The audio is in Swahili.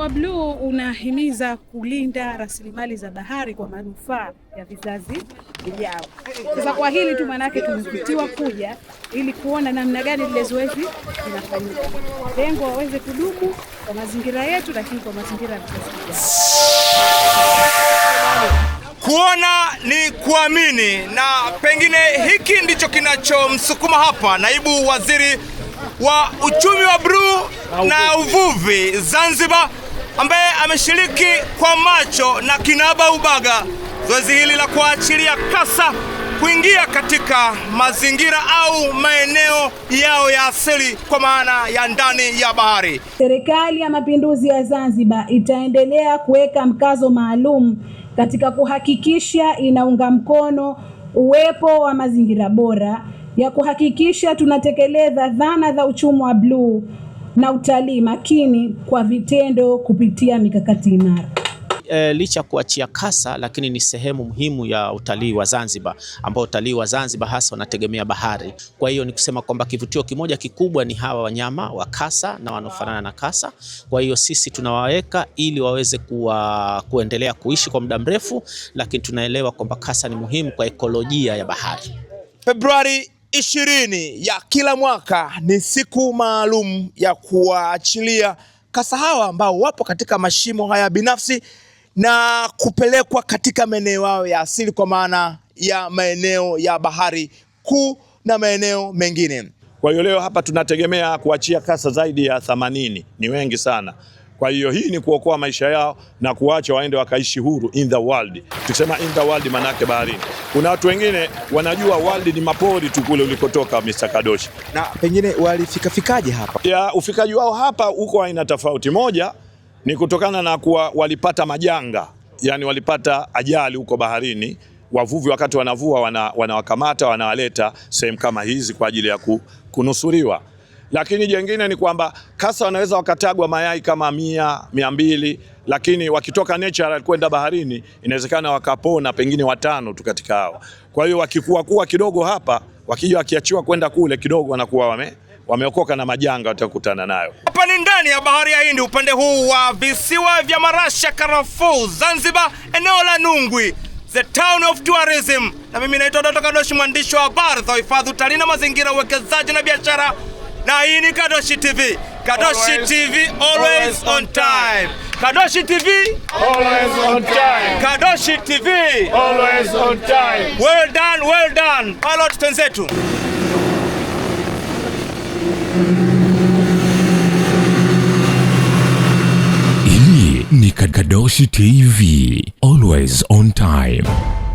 Mtazamo wa Bluu unahimiza kulinda rasilimali za bahari kwa manufaa ya vizazi vijao. Sasa kwa hili tu maanake tumevutiwa kuja ili kuona namna gani lile zoezi linafanyika, lengo waweze kudumu kwa mazingira yetu, lakini kwa mazingira ya vizazi vijao. Kuona ni kuamini, na pengine hiki ndicho kinachomsukuma hapa naibu waziri wa uchumi wa bluu na uvuvi Zanzibar ambaye ameshiriki kwa macho na kinaba ubaga zoezi hili la kuachilia kasa kuingia katika mazingira au maeneo yao ya asili kwa maana ya ndani ya bahari. Serikali ya Mapinduzi ya Zanzibar itaendelea kuweka mkazo maalum katika kuhakikisha inaunga mkono uwepo wa mazingira bora ya kuhakikisha tunatekeleza dhana za uchumi wa bluu na utalii makini kwa vitendo kupitia mikakati imara. E, licha ya kuachia kasa lakini ni sehemu muhimu ya utalii wa Zanzibar ambao utalii wa Zanzibar hasa wanategemea bahari. Kwa hiyo ni kusema kwamba kivutio kimoja kikubwa ni hawa wanyama wa kasa na wanaofanana na kasa. Kwa hiyo sisi tunawaweka ili waweze kuwa, kuendelea kuishi kwa muda mrefu, lakini tunaelewa kwamba kasa ni muhimu kwa ekolojia ya bahari. Februari ishirini ya kila mwaka ni siku maalum ya kuwaachilia kasa hawa ambao wapo katika mashimo haya binafsi na kupelekwa katika maeneo yao ya asili kwa maana ya maeneo ya bahari kuu na maeneo mengine. Kwa hiyo leo hapa tunategemea kuachia kasa zaidi ya themanini, ni wengi sana. Kwa hiyo hii ni kuokoa maisha yao na kuwacha waende wakaishi huru in the world. Tukisema in the world, manake baharini. Kuna watu wengine wanajua world ni mapori tu kule ulikotoka, Mr. Kadoshi. Na pengine walifikafikaje hapa? Ya, ufikaji wao hapa uko aina tofauti. Moja ni kutokana na kuwa walipata majanga, yani walipata ajali huko baharini wavuvi wakati wanavua wanawakamata, wana wanawaleta sehemu kama hizi kwa ajili ya kunusuriwa. Lakini jengine ni kwamba kasa wanaweza wakatagwa mayai kama mia mia mbili, lakini wakitoka natural kwenda baharini inawezekana wakapona pengine watano tu katika hao. Kwa hiyo wakikua kuwa kidogo hapa, wakija wakiachiwa kwenda kule kidogo, wanakuwa wame wameokoka na majanga watakutana nayo. Hapa ni ndani ya bahari ya Hindi, upande huu wa visiwa vya Marasha, Karafuu, Zanzibar, eneo la Nungwi, the town of tourism. Na mimi naitwa Dr. Kadoshi, mwandishi wa habari za uhifadhi, utalii na mazingira, uwekezaji na biashara na hii ni Kadoshi TV. Kadoshi TV always on time. Kadoshi TV always on time. Kadoshi TV always on time. Well done, well done. Pilot tenzetu. Hii ni Kadoshi TV always on time.